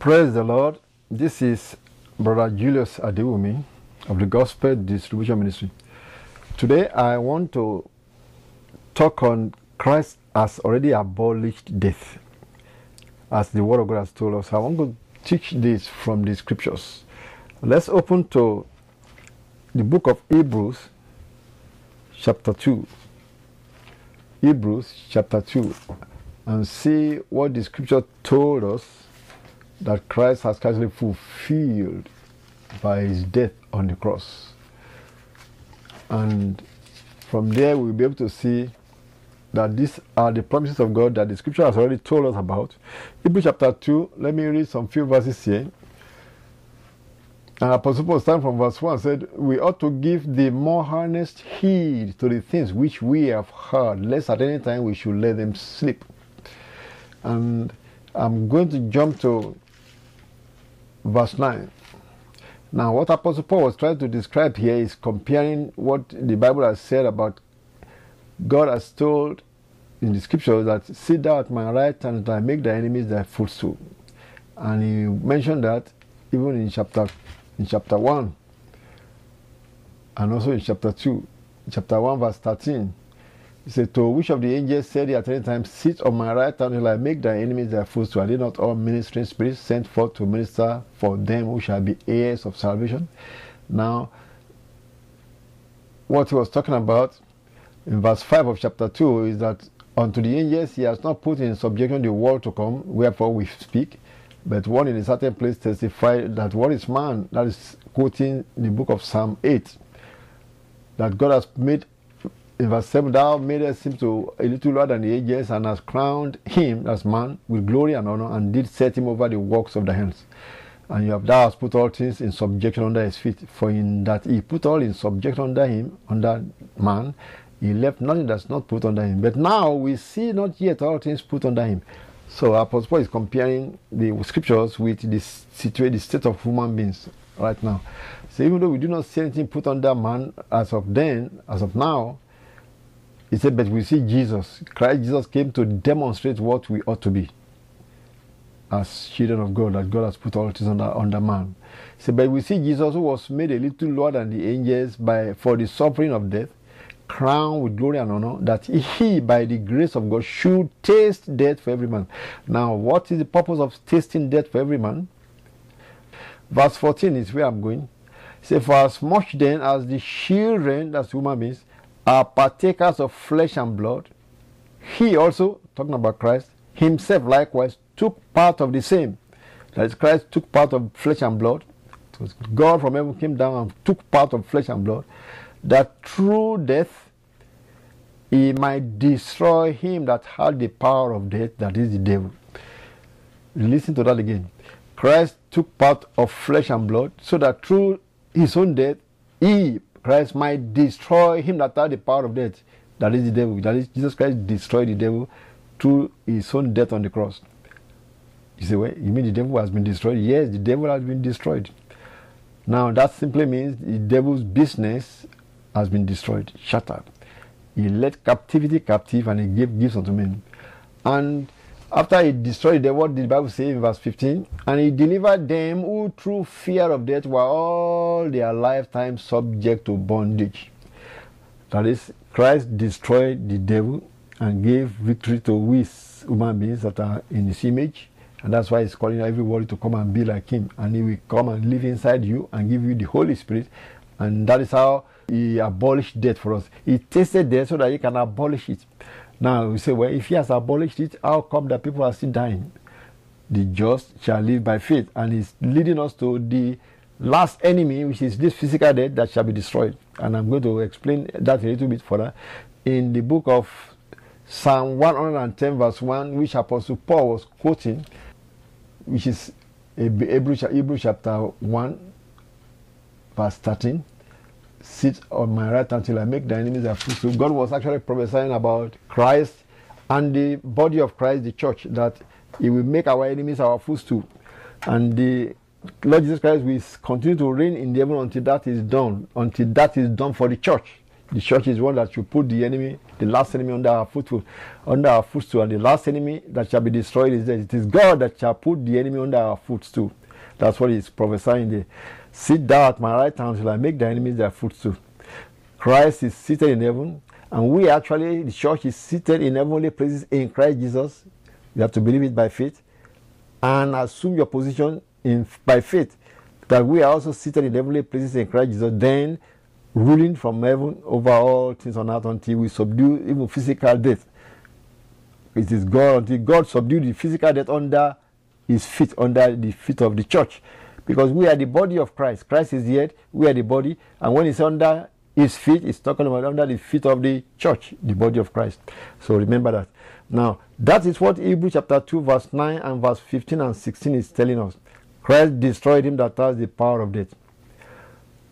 Praise the Lord. This is Brother Julius Adewumi of the Gospel Distribution Ministry. Today I want to talk on Christ has already abolished death, as the Word of God has told us. I want to teach this from the scriptures. Let's open to the book of Hebrews, chapter 2. Hebrews, chapter 2, and see what the scripture told us that Christ has actually fulfilled by his death on the cross. And from there, we'll be able to see that these are the promises of God that the scripture has already told us about. Hebrews chapter 2, let me read some few verses here. And Apostle Paul, starting from verse 1, said, We ought to give the more earnest heed to the things which we have heard, lest at any time we should let them slip. And I'm going to jump to verse 9. Now, what Apostle Paul was trying to describe here is comparing what the Bible has said about God has told in the scriptures that sit thou at my right hand that I make thy enemies thy footstool. And he mentioned that even in chapter in chapter 1 and also in chapter 2, chapter 1 verse 13. He said, To which of the angels said he at any time, Sit on my right hand till I make thy enemies thy footstool? Are they not all ministering spirits sent forth to minister for them who shall be heirs of salvation? Now, what he was talking about in verse 5 of chapter 2 is that unto the angels he has not put in subjection the world to come, wherefore we speak, but one in a certain place testified that what is man, that is quoting the book of Psalm 8, that God has made in verse 7, thou madest him to a little lower than the ages, and hast crowned him as man with glory and honor, and did set him over the works of the hands. And you have thou hast put all things in subjection under his feet, for in that he put all in subjection under him, under man, he left nothing that's not put under him. But now we see not yet all things put under him. So Apostle Paul is comparing the scriptures with the situation, the state of human beings right now. So even though we do not see anything put under man as of then, as of now, he said, But we see Jesus. Christ Jesus came to demonstrate what we ought to be as children of God, that God has put all things under, under man. He said, But we see Jesus who was made a little lower than the angels by for the suffering of death, crowned with glory and honor, that he, by the grace of God, should taste death for every man. Now, what is the purpose of tasting death for every man? Verse 14 is where I'm going. Say, for as much then as the children, that's human beings, are uh, partakers of flesh and blood, he also, talking about Christ, himself likewise took part of the same. That is, Christ took part of flesh and blood. God from heaven came down and took part of flesh and blood, that through death he might destroy him that had the power of death, that is the devil. Listen to that again. Christ took part of flesh and blood, so that through his own death he Christ might destroy him that had the power of death. That is the devil. That is Jesus Christ destroyed the devil through his own death on the cross. You say, well, you mean the devil has been destroyed? Yes, the devil has been destroyed. Now that simply means the devil's business has been destroyed, shattered. He led captivity captive and he gave gifts unto men. And after he destroyed the what the Bible says in verse 15, and he delivered them who through fear of death were all their lifetime subject to bondage. That is, Christ destroyed the devil and gave victory to we human beings that are in his image. And that's why he's calling everybody to come and be like him. And he will come and live inside you and give you the Holy Spirit. And that is how he abolished death for us. He tasted death so that he can abolish it. Now we say, well, if he has abolished it, how come that people are still dying? The just shall live by faith, and he's leading us to the last enemy, which is this physical death that shall be destroyed. And I'm going to explain that a little bit further in the book of Psalm 110, verse 1, which Apostle Paul was quoting, which is Hebrew chapter 1, verse 13 sit on my right until I make thy enemies a footstool. God was actually prophesying about Christ and the body of Christ, the church, that He will make our enemies our footstool. And the Lord Jesus Christ will continue to reign in the heaven until that is done, until that is done for the church. The church is one that should put the enemy, the last enemy under our footstool, under our footstool, and the last enemy that shall be destroyed is that It is God that shall put the enemy under our footstool. That's what he's prophesying there. Sit thou at my right hand till I make thy enemies their footstool. Christ is seated in heaven, and we actually, the church is seated in heavenly places in Christ Jesus. You have to believe it by faith and assume your position in, by faith that we are also seated in heavenly places in Christ Jesus, then ruling from heaven over all things on earth until we subdue even physical death. It is God until God subdued the physical death under his feet, under the feet of the church because we are the body of Christ. Christ is the we are the body, and when it's under his feet, it's talking about under the feet of the church, the body of Christ. So remember that. Now, that is what Hebrews chapter 2, verse 9 and verse 15 and 16 is telling us. Christ destroyed him that has the power of death.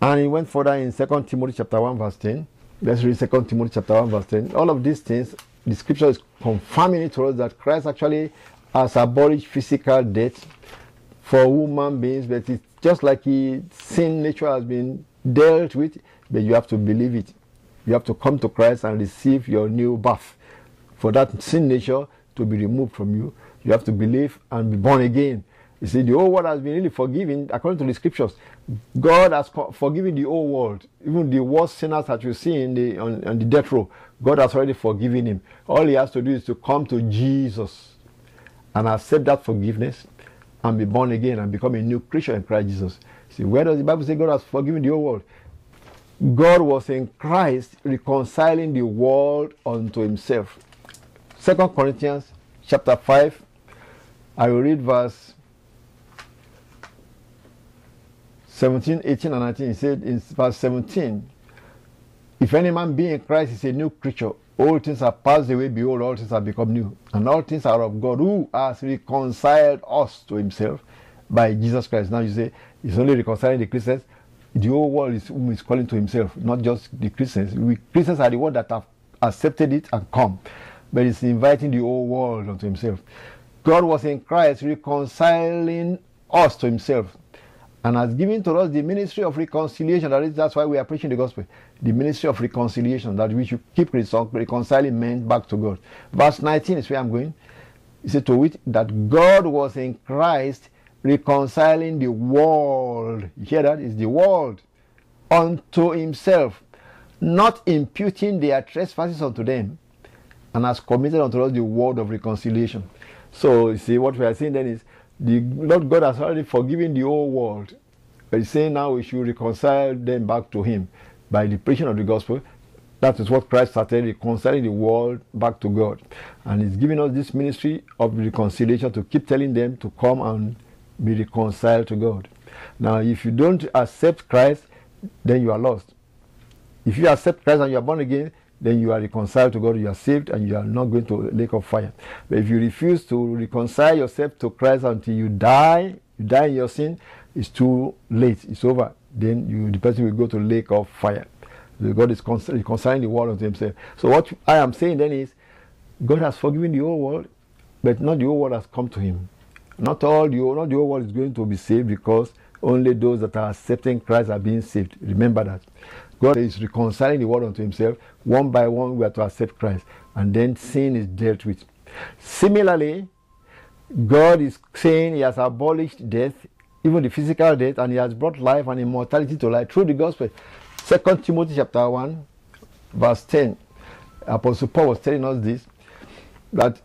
And he went further in 2 Timothy chapter 1, verse 10. Let's read 2 Timothy chapter 1, verse 10. All of these things, the scripture is confirming it to us that Christ actually has abolished physical death for human beings, but it's just like sin nature has been dealt with, but you have to believe it. You have to come to Christ and receive your new birth. For that sin nature to be removed from you, you have to believe and be born again. You see, the old world has been really forgiven according to the scriptures. God has forgiven the old world, even the worst sinners that you see in the, on, on the death row. God has already forgiven him. All he has to do is to come to Jesus and accept that forgiveness and be born again and become a new creature in Christ Jesus. See, where does the Bible say God has forgiven the whole world? God was in Christ reconciling the world unto himself. 2 Corinthians chapter 5, I will read verse 17, 18, and 19. He said in verse 17, If any man be in Christ, is a new creature all things have passed away, behold, all things have become new. And all things are of God, who has reconciled us to himself by Jesus Christ. Now you say, it's only reconciling the Christians. The whole world is, whom is calling to himself, not just the Christians. We Christians are the ones that have accepted it and come. But it's inviting the whole world unto himself. God was in Christ reconciling us to himself and has given to us the ministry of reconciliation. That is, that's why we are preaching the gospel the ministry of reconciliation, that we should keep reconciling men back to God. Verse 19 is where I'm going. He said To it that God was in Christ reconciling the world. You hear that? It's the world unto himself, not imputing their trespasses unto them, and has committed unto us the word of reconciliation. So, you see, what we are saying then is the Lord God has already forgiven the whole world. But he's saying now we should reconcile them back to him by the preaching of the gospel. That is what Christ started, reconciling the world back to God. And He's giving us this ministry of reconciliation to keep telling them to come and be reconciled to God. Now, if you don't accept Christ, then you are lost. If you accept Christ and you are born again, then you are reconciled to God, you are saved, and you are not going to lake of fire. But if you refuse to reconcile yourself to Christ until you die, you die in your sin, it's too late, it's over then you, the person will go to lake of fire. God is consign, consigning the world unto himself. So what I am saying then is, God has forgiven the whole world, but not the whole world has come to him. Not all the whole, not the whole world is going to be saved because only those that are accepting Christ are being saved. Remember that. God is reconciling the world unto himself. One by one, we are to accept Christ. And then sin is dealt with. Similarly, God is saying he has abolished death even the physical death, and he has brought life and immortality to life through the gospel. Second Timothy chapter 1, verse 10. Apostle Paul was telling us this that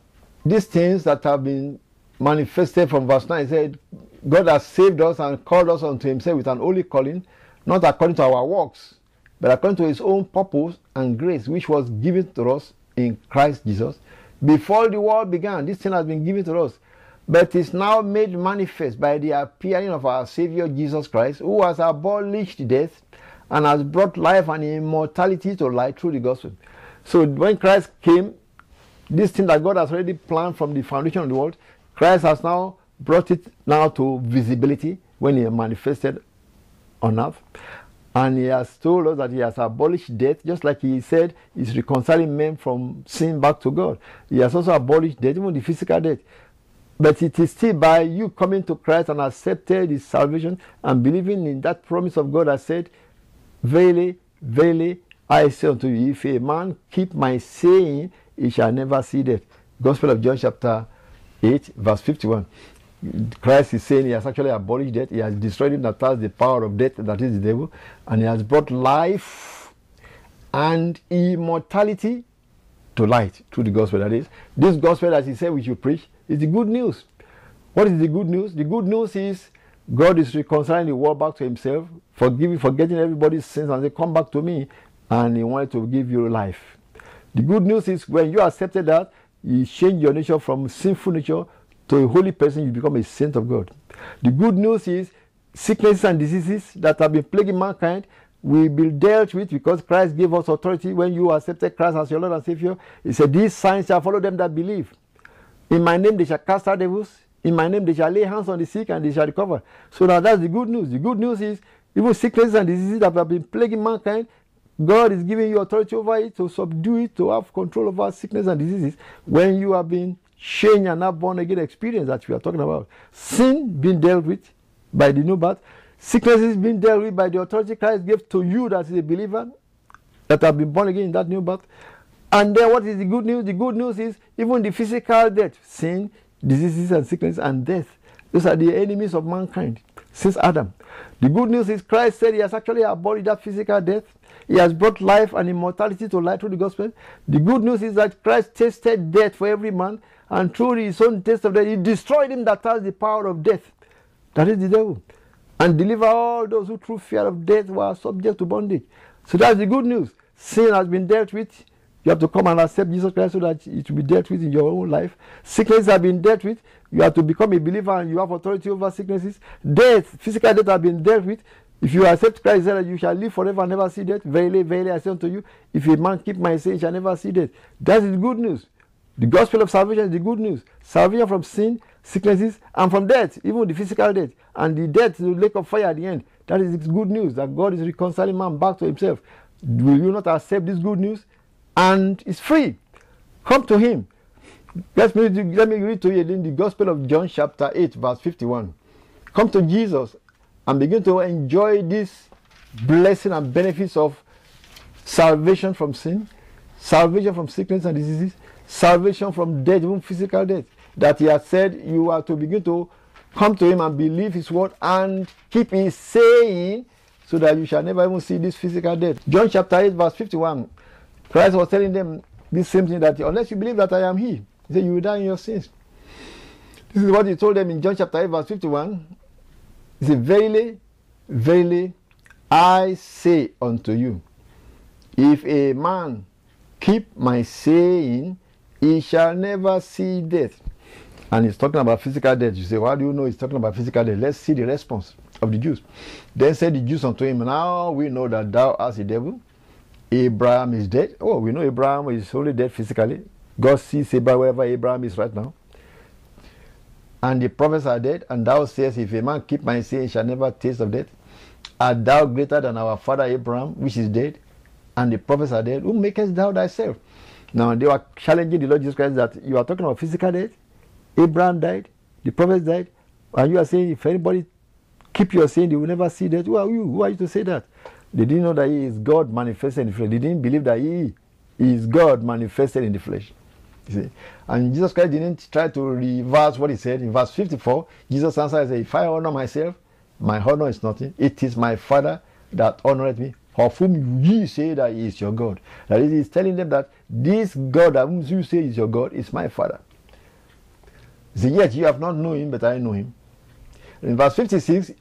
these things that have been manifested from verse 9 he said, God has saved us and called us unto himself with an holy calling, not according to our works, but according to his own purpose and grace, which was given to us in Christ Jesus. Before the world began, this thing has been given to us but is now made manifest by the appearing of our Savior Jesus Christ, who has abolished death and has brought life and immortality to light through the gospel. So when Christ came, this thing that God has already planned from the foundation of the world, Christ has now brought it now to visibility when he manifested on earth. And he has told us that he has abolished death, just like he said, he's reconciling men from sin back to God. He has also abolished death, even the physical death. But it is still by you coming to Christ and accepting his salvation and believing in that promise of God I said, Verily, verily, I say unto you, if a man keep my saying, he shall never see death. Gospel of John chapter 8, verse 51. Christ is saying he has actually abolished death. He has destroyed him that has the power of death, that is the devil. And he has brought life and immortality to light through the gospel. That is, this gospel that he said we should preach, is the good news. What is the good news? The good news is God is reconciling the world back to Himself, forgiving, forgetting everybody's sins, and they come back to me, and He wanted to give you life. The good news is when you accepted that, He changed your nature from sinful nature to a holy person, you become a saint of God. The good news is sicknesses and diseases that have been plaguing mankind will be dealt with because Christ gave us authority when you accepted Christ as your Lord and Savior. He said, These signs shall follow them that believe. In my name they shall cast out devils. In my name they shall lay hands on the sick and they shall recover. So now that's the good news. The good news is even sicknesses and diseases that have been plaguing mankind, God is giving you authority over it to subdue it, to have control over sickness and diseases when you have been changed and have born again experience that we are talking about. Sin being dealt with by the new birth, sicknesses being dealt with by the authority Christ gave to you that is a believer that have been born again in that new birth, and then what is the good news? The good news is even the physical death, sin, diseases and sickness and death, those are the enemies of mankind since Adam. The good news is Christ said he has actually abolished that physical death. He has brought life and immortality to light through the gospel. The good news is that Christ tasted death for every man, and through his own taste of death, he destroyed him that has the power of death. That is the devil. And deliver all those who through fear of death were subject to bondage. So that's the good news. Sin has been dealt with, you have to come and accept Jesus Christ so that it will be dealt with in your own life. Sicknesses have been dealt with. You have to become a believer and you have authority over sicknesses. Death, physical death have been dealt with. If you accept Christ, that you shall live forever and never see death. Verily, verily, I say unto you, if a man keep my saying, he shall never see death. That is good news. The gospel of salvation is the good news. Salvation from sin, sicknesses, and from death, even the physical death. And the death, the lake of fire at the end. That is good news that God is reconciling man back to himself. Will you not accept this good news? and it's free. Come to him. Let me, let me read to you in the Gospel of John, chapter 8, verse 51. Come to Jesus and begin to enjoy this blessing and benefits of salvation from sin, salvation from sickness and diseases, salvation from death, even physical death. That he has said you are to begin to come to him and believe his word and keep his saying so that you shall never even see this physical death. John chapter 8, verse 51. Christ was telling them this same thing that unless you believe that I am He, he said, you will die in your sins. This is what he told them in John chapter 8, verse 51. He said, Verily, verily, I say unto you, if a man keep my saying, he shall never see death. And he's talking about physical death. You say, Why do you know he's talking about physical death? Let's see the response of the Jews. Then said the Jews unto him, Now we know that thou art the devil. Abraham is dead. Oh, we know Abraham is only dead physically. God sees Abraham wherever Abraham is right now. And the prophets are dead, and thou sayest, If a man keep my saying, shall never taste of death. Art thou greater than our father Abraham, which is dead? And the prophets are dead. Who makest thou thyself? Now they were challenging the Lord Jesus Christ that you are talking about physical death. Abraham died, the prophets died, and you are saying if anybody keep your saying, they will never see that. Who are you? Who are you to say that? They didn't know that he is God manifested in the flesh. They didn't believe that he is God manifested in the flesh. You see? And Jesus Christ didn't try to reverse what he said. In verse 54, Jesus answered and said, If I honor myself, my honor is nothing. It is my Father that honoreth me, of whom ye say that he is your God. That is, he's telling them that this God of whom you say is your God is my Father. See, yet you have not known him, but I know him. In verse 56,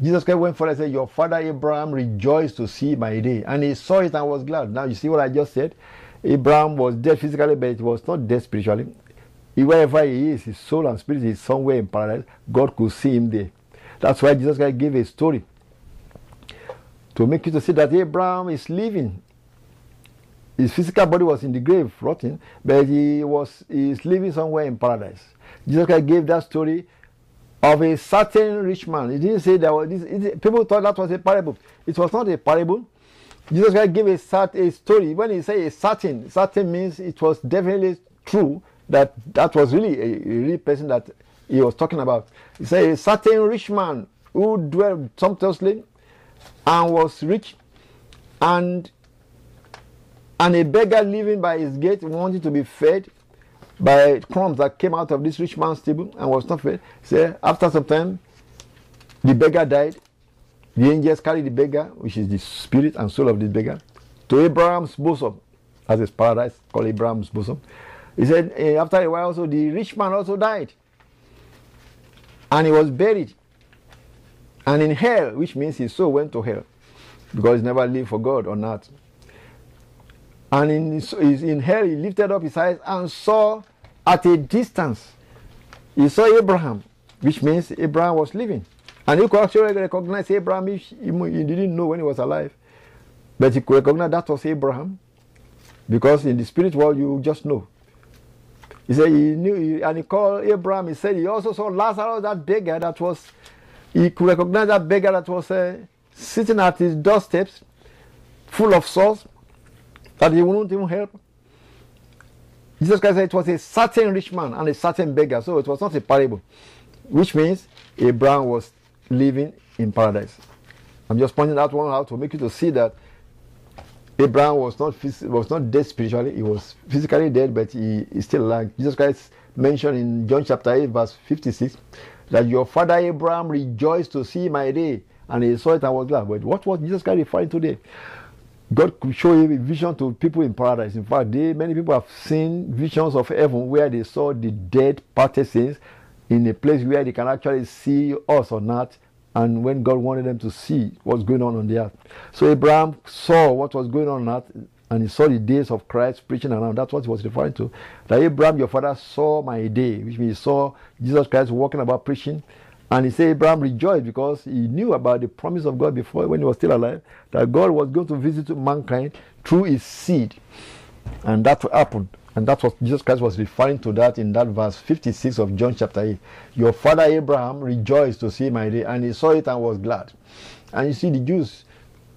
Jesus Christ went forward and said, Your father Abraham rejoiced to see my day. And he saw it and was glad. Now, you see what I just said? Abraham was dead physically, but he was not dead spiritually. Wherever he is, his soul and spirit is somewhere in paradise. God could see him there. That's why Jesus Christ gave a story to make you to see that Abraham is living. His physical body was in the grave, rotting, but he was he is living somewhere in paradise. Jesus Christ gave that story of a certain rich man. He didn't say there was this. It, people thought that was a parable. It was not a parable. Jesus Christ gave a cert, a story. When he say a certain, certain means it was definitely true that that was really a, a real person that he was talking about. He said a certain rich man who dwelt sumptuously and was rich, and and a beggar living by his gate wanted to be fed by crumbs that came out of this rich man's table and was not fed. Say, after some time, the beggar died. The angels carried the beggar, which is the spirit and soul of this beggar, to Abraham's bosom, as his paradise called Abraham's bosom. He said, eh, after a while, also the rich man also died, and he was buried, and in hell, which means his soul went to hell, because he never lived for God or not. And in his, in hell he lifted up his eyes and saw at a distance. He saw Abraham, which means Abraham was living. And he could actually recognize Abraham, he, he didn't know when he was alive. But he could recognize that was Abraham. Because in the spirit world, you just know. He said he knew, and he called Abraham. He said he also saw Lazarus, that beggar that was, he could recognize that beggar that was uh, sitting at his doorsteps, full of sores that he would not even help. Jesus Christ said it was a certain rich man and a certain beggar, so it was not a parable, which means Abraham was living in paradise. I'm just pointing out one out to make you to see that Abraham was not was not dead spiritually; he was physically dead, but he is still alive. Jesus Christ mentioned in John chapter eight, verse fifty-six, that your father Abraham rejoiced to see my day, and he saw it and was glad. But what was Jesus Christ referring to there? God could show you a vision to people in paradise. In fact, they, many people have seen visions of heaven where they saw the dead partisans in a place where they can actually see us or not, and when God wanted them to see what's going on on the earth. So Abraham saw what was going on on earth, and he saw the days of Christ preaching around. That's what he was referring to. That Abraham, your father, saw my day, which means he saw Jesus Christ walking about preaching. And he said Abraham rejoiced because he knew about the promise of God before when he was still alive that God was going to visit mankind through his seed. And that happened. And that's what Jesus Christ was referring to that in that verse 56 of John chapter 8. Your father Abraham rejoiced to see my day, and he saw it and was glad. And you see, the Jews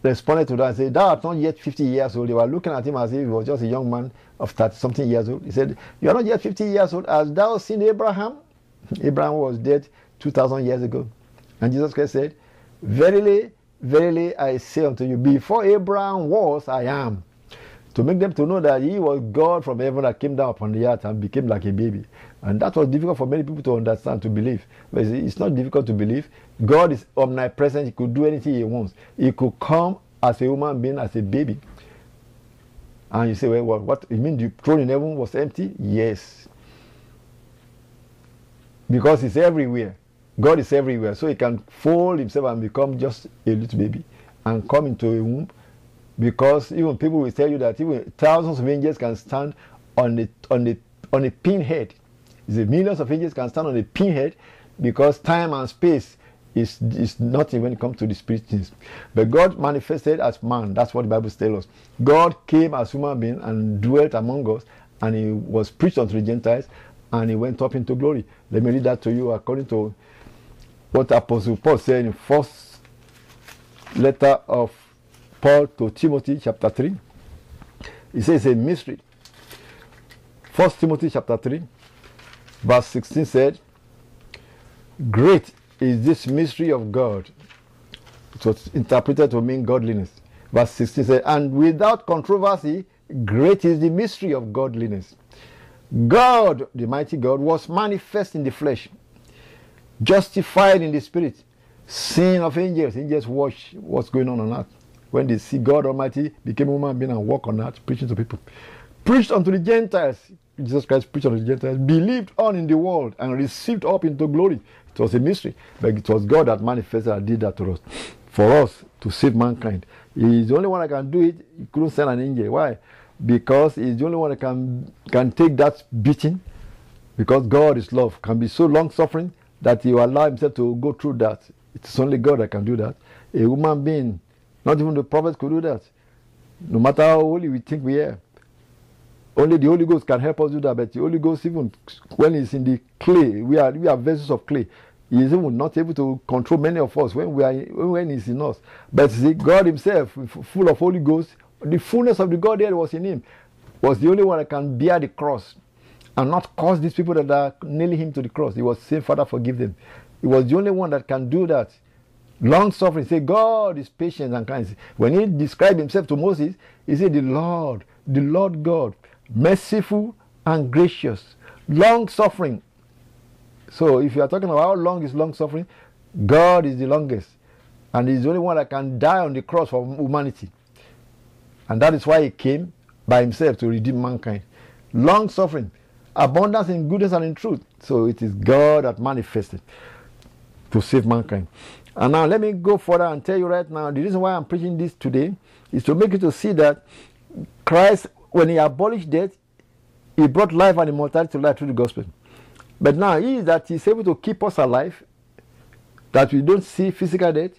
responded to that and said, Thou art not yet 50 years old. They were looking at him as if he was just a young man of 30 something years old. He said, You are not yet 50 years old. Has thou seen Abraham? Abraham was dead 2,000 years ago. And Jesus Christ said, Verily, verily, I say unto you, before Abraham was, I am. To make them to know that he was God from heaven that came down upon the earth and became like a baby. And that was difficult for many people to understand, to believe. But it's not difficult to believe. God is omnipresent. He could do anything he wants. He could come as a human being, as a baby. And you say, well, what, what you mean the throne in heaven was empty? Yes. Because it's everywhere. God is everywhere, so he can fold himself and become just a little baby and come into a womb. Because even people will tell you that even thousands of angels can stand on the on the on a pinhead. The millions of angels can stand on a pinhead because time and space is is nothing when it comes to the spirit things. But God manifested as man. That's what the Bible tells us. God came as human being and dwelt among us, and he was preached unto the Gentiles, and he went up into glory. Let me read that to you according to what Apostle Paul said in first letter of Paul to Timothy chapter 3. He says a mystery. First Timothy chapter 3, verse 16 said, Great is this mystery of God. It was interpreted to mean godliness. Verse 16 said, And without controversy, great is the mystery of godliness. God, the mighty God, was manifest in the flesh justified in the spirit, seeing of angels. Angels watch what's going on on earth. When they see God Almighty became a human being and walk on earth, preaching to people. Preached unto the Gentiles. Jesus Christ preached unto the Gentiles, believed on in the world, and received up into glory. It was a mystery, but it was God that manifested and did that to us. For us to save mankind. He's the only one that can do it. He couldn't send an angel. Why? Because he's the only one that can can take that beating. Because God is love, can be so long suffering that he allow himself to go through that. It's only God that can do that. A human being, not even the prophet could do that. No matter how holy we think we are. Only the Holy Ghost can help us do that. But the Holy Ghost, even when he's in the clay, we are we are vessels of clay. He is even not able to control many of us when we are when he's in us. But see, God Himself, full of Holy Ghost, the fullness of the Godhead was in Him, was the only one that can bear the cross and not cause these people that are nailing him to the cross. He was saying, Father, forgive them. He was the only one that can do that. Long suffering, say, God is patient and kind. When he described himself to Moses, he said, The Lord, the Lord God, merciful and gracious, long suffering. So if you are talking about how long is long suffering, God is the longest. And he's the only one that can die on the cross for humanity. And that is why he came by himself to redeem mankind. Long suffering abundance in goodness and in truth. So it is God that manifested to save mankind. And now let me go further and tell you right now the reason why I'm preaching this today is to make you to see that Christ, when he abolished death, he brought life and immortality to life through the gospel. But now he is that he's able to keep us alive, that we don't see physical death.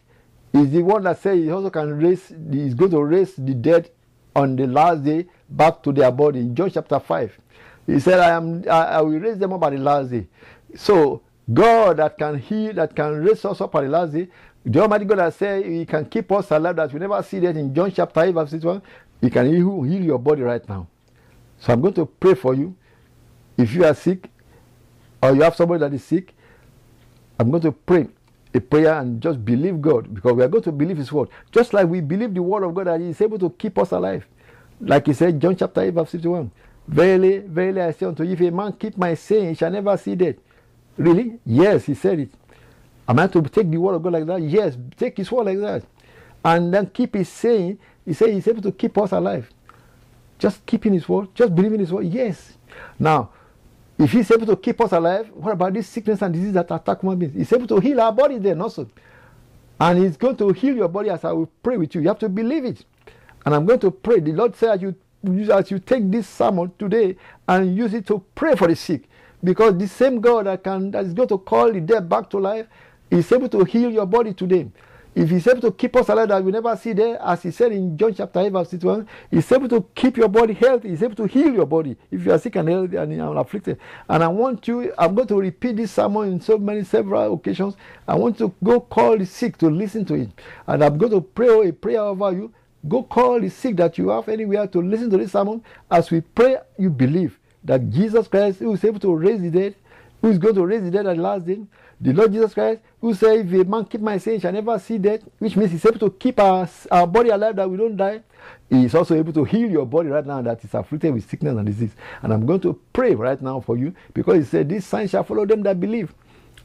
He's the one that says he also can raise, he's going to raise the dead on the last day back to their body. In John chapter 5. He said, I, am, I, I will raise them up by the last day. So God that can heal, that can raise us up by the last day, the Almighty God that said He can keep us alive, that we never see that in John chapter 8, verse 61, He can heal, heal your body right now. So I'm going to pray for you. If you are sick or you have somebody that is sick, I'm going to pray a prayer and just believe God because we are going to believe His word. Just like we believe the word of God that He is able to keep us alive. Like He said, John chapter 8, verse 51. Verily, verily, I say unto you, if a man keep my saying, he shall never see death. Really? Yes, he said it. Am I to take the word of God like that? Yes, take his word like that. And then keep his saying. He said he's able to keep us alive. Just keeping his word, just believing his word. Yes. Now, if he's able to keep us alive, what about this sickness and disease that attack human beings? He's able to heal our body then also. And he's going to heal your body as I will pray with you. You have to believe it. And I'm going to pray. The Lord said, you as you take this sermon today and use it to pray for the sick, because the same God that can that is going to call the dead back to life is able to heal your body today. If he's able to keep us alive that we never see there, as he said in John chapter 8, verse 61, he's able to keep your body healthy, he's able to heal your body if you are sick and healthy and, and afflicted. And I want you, I'm going to repeat this sermon in so many several occasions. I want to go call the sick to listen to it. And I'm going to pray a prayer over you Go call the sick that you have anywhere to listen to this sermon. As we pray, you believe that Jesus Christ, who is able to raise the dead, who is going to raise the dead at the last day, the Lord Jesus Christ, who said, If a man keep my saying, shall never see death, which means he's able to keep our, our body alive that we don't die. He is also able to heal your body right now that is afflicted with sickness and disease. And I'm going to pray right now for you because he said, This sign shall follow them that believe.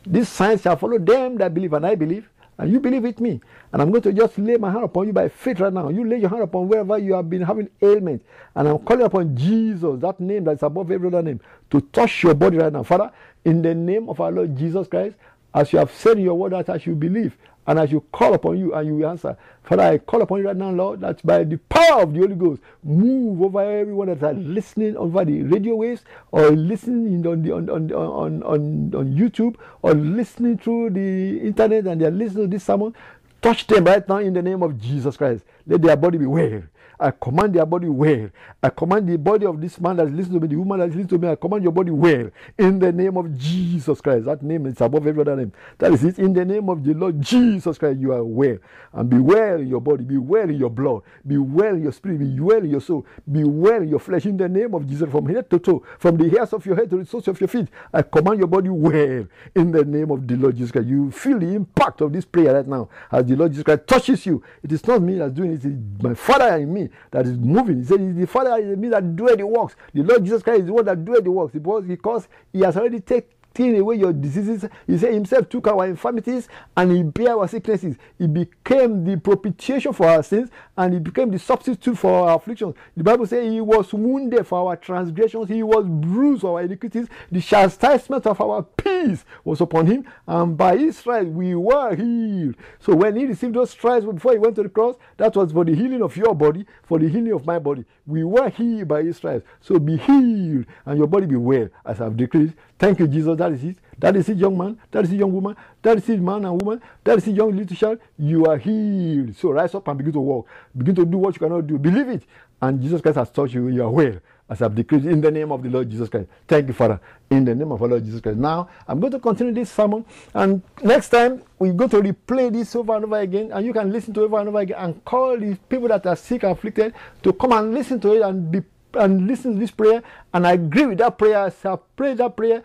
This sign shall follow them that believe. And I believe and you believe with me. And I'm going to just lay my hand upon you by faith right now. You lay your hand upon wherever you have been having ailment. And I'm calling upon Jesus, that name that's above every other name, to touch your body right now. Father, in the name of our Lord Jesus Christ, as you have said in your word that I should believe and I should call upon you and you will answer. Father, I call upon you right now, Lord, that by the power of the Holy Ghost, move over everyone that are listening over the radio waves or listening on, the, on, on, on, on, on YouTube or listening through the internet and they are listening to this sermon. Touch them right now in the name of Jesus Christ. Let their body be well. I command your body well. I command the body of this man that's listening to me, the woman that's listening to me, I command your body well. In the name of Jesus Christ. That name is above every other name. That is it. In the name of the Lord Jesus Christ, you are well. And be well in your body, be well in your blood, be well in your spirit, be well in your soul, be well in your flesh. In the name of Jesus, from head to toe, from the hairs of your head to the soles of your feet, I command your body well. In the name of the Lord Jesus Christ. You feel the impact of this prayer right now as the Lord Jesus Christ touches you. It is not me that's doing it, it's my Father in me that is moving. He said, It's the Father is the me that doeth the works. The Lord Jesus Christ is the one that doeth the works because he has already taken taking away your diseases. He said himself took our infirmities and he bare our sicknesses. He became the propitiation for our sins and he became the substitute for our afflictions. The Bible says he was wounded for our transgressions, he was bruised for our iniquities. The chastisement of our peace was upon him, and by his stripes we were healed. So when he received those stripes before he went to the cross, that was for the healing of your body, for the healing of my body. We were healed by his stripes. So be healed and your body be well, as I've decreed Thank you, Jesus. That is it. That is it, young man. That is it, young woman. That is it, man and woman. That is it, young little child. You are healed. So rise up and begin to walk. Begin to do what you cannot do. Believe it. And Jesus Christ has taught you. You are well. As I've decreed in the name of the Lord Jesus Christ. Thank you, Father. In the name of our Lord Jesus Christ. Now, I'm going to continue this sermon. And next time, we're going to replay this over and over again. And you can listen to it over and over again. And call the people that are sick and afflicted to come and listen to it and be and listen to this prayer and I agree with that prayer as I pray that prayer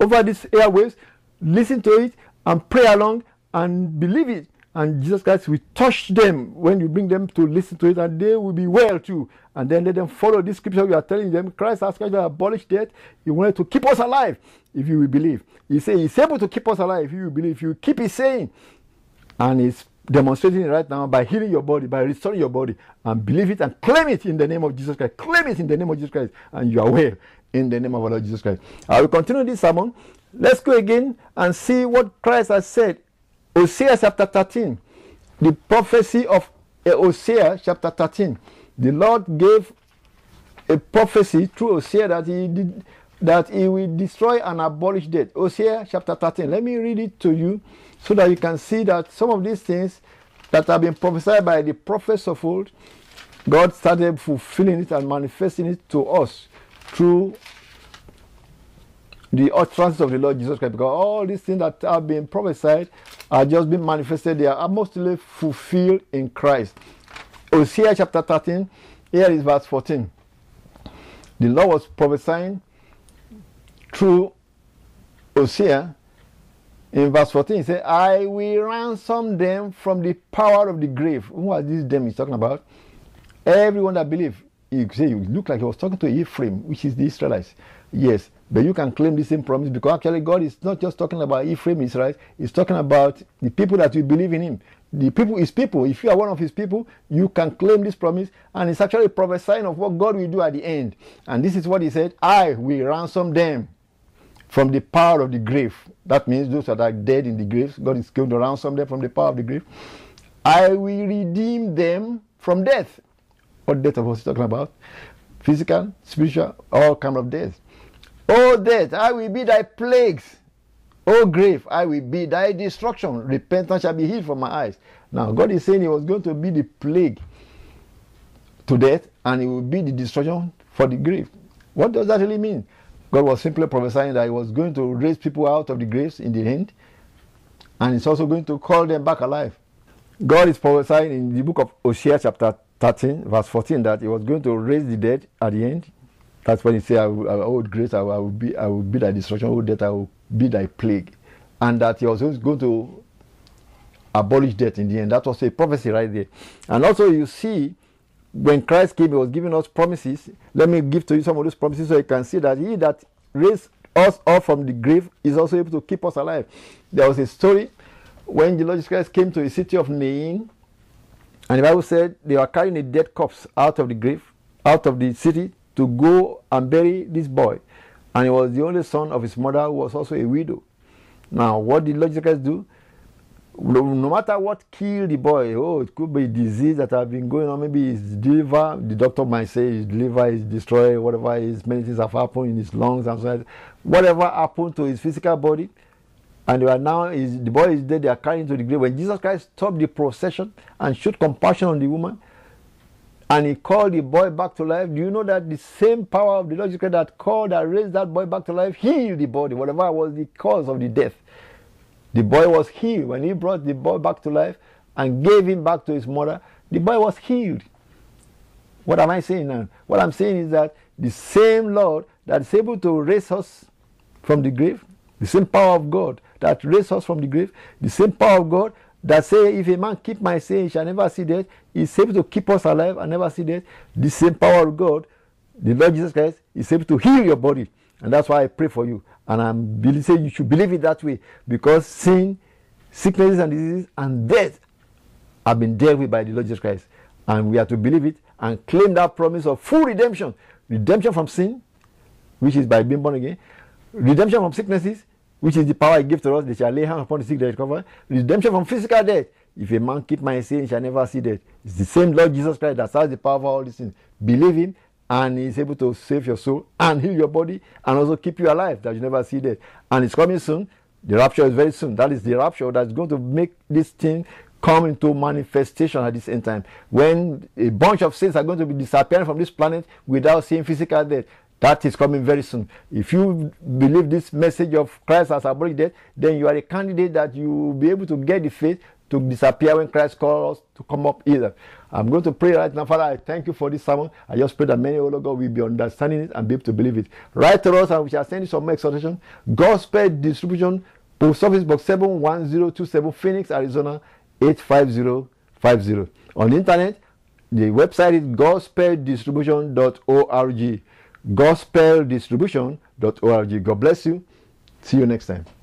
over these airwaves, listen to it and pray along and believe it. And Jesus Christ will touch them when you bring them to listen to it, and they will be well too. And then let them follow this scripture you are telling them. Christ has come to abolish death. He wanted to keep us alive if you will believe. He said he's able to keep us alive if you will believe. If you keep his saying, and He's demonstrating it right now by healing your body, by restoring your body, and believe it and claim it in the name of Jesus Christ. Claim it in the name of Jesus Christ, and you are well in the name of our Lord Jesus Christ. I will continue this sermon. Let's go again and see what Christ has said. Hosea chapter 13, the prophecy of Hosea chapter 13. The Lord gave a prophecy through Hosea that he did that he will destroy and abolish death. Hosea chapter 13. Let me read it to you so that you can see that some of these things that have been prophesied by the prophets of old, God started fulfilling it and manifesting it to us through the utterance of the Lord Jesus Christ. Because all these things that have been prophesied are just being manifested. They are mostly fulfilled in Christ. Hosea chapter 13, here is verse 14. The Lord was prophesying through Hosea in verse 14, he said, I will ransom them from the power of the grave. Who are these them he's talking about? Everyone that believes. You say you look like he was talking to Ephraim, which is the Israelites. Yes, but you can claim the same promise because actually God is not just talking about Ephraim, Israelites, he's talking about the people that will believe in him. The people, his people, if you are one of his people, you can claim this promise, and it's actually prophesying of what God will do at the end. And this is what he said I will ransom them from the power of the grave. That means those that are dead in the graves, God is going around ransom them from the power of the grave. I will redeem them from death. What death was he talking about? Physical, spiritual, all kind of death. All oh, death, I will be thy plagues. Oh grave, I will be thy destruction. Repentance shall be hid from my eyes. Now, God is saying he was going to be the plague to death and it will be the destruction for the grave. What does that really mean? God was simply prophesying that He was going to raise people out of the graves in the end, and He's also going to call them back alive. God is prophesying in the book of Hosea, chapter 13, verse 14, that He was going to raise the dead at the end. That's when He said, I will, I will oh, grace, I will, I will, be, I will be thy destruction, O oh, death, I will be thy plague. And that He was going to abolish death in the end. That was a prophecy right there. And also, you see, when Christ came, he was giving us promises. Let me give to you some of those promises so you can see that he that raised us up from the grave is also able to keep us alive. There was a story when the Lord Jesus Christ came to the city of Nain, and the Bible said they were carrying a dead corpse out of the grave, out of the city, to go and bury this boy. And he was the only son of his mother who was also a widow. Now, what did Lord Jesus Christ do? no, no, matter what killed the boy, oh, it could be disease that have been going on. Maybe his liver. The doctor might say his liver is destroyed. Whatever is, many things have happened in his lungs and so on. Whatever happened to his physical body, and they are now is the boy is dead. They are carrying to the grave. When Jesus Christ stopped the procession and showed compassion on the woman, and he called the boy back to life. Do you know that the same power of the Lord Jesus that called and raised that boy back to life healed the body, whatever was the cause of the death? The boy was healed. When he brought the boy back to life and gave him back to his mother, the boy was healed. What am I saying now? What I'm saying is that the same Lord that's able to raise us from the grave, the same power of God that raised us from the grave, the same power of God that say, if a man keep my saying, he shall never see death, is able to keep us alive and never see death. The same power of God, the Lord Jesus Christ, is able to heal your body. And that's why I pray for you. And I'm believe, say you should believe it that way because sin, sicknesses and diseases and death have been dealt with by the Lord Jesus Christ. And we are to believe it and claim that promise of full redemption. Redemption from sin, which is by being born again. Redemption from sicknesses, which is the power he gave to us. They shall lay hands upon the sick, they recover. Redemption from physical death. If a man keep my saying, shall never see death. It's the same Lord Jesus Christ that has the power of all these things. Believe him and he's able to save your soul and heal your body and also keep you alive that you never see death. And it's coming soon. The rapture is very soon. That is the rapture that's going to make this thing come into manifestation at this end time. When a bunch of saints are going to be disappearing from this planet without seeing physical death. That is coming very soon. If you believe this message of Christ as abolished death, then you are a candidate that you will be able to get the faith to disappear when Christ calls us to come up either. I'm going to pray right now. Father, I thank you for this sermon. I just pray that many, O Lord God, will be understanding it and be able to believe it. Write to us and we shall send you some exhortation. Gospel Distribution, Post Office Box 71027, Phoenix, Arizona 85050. On the internet, the website is gospeldistribution.org. Gospeldistribution.org. God bless you. See you next time.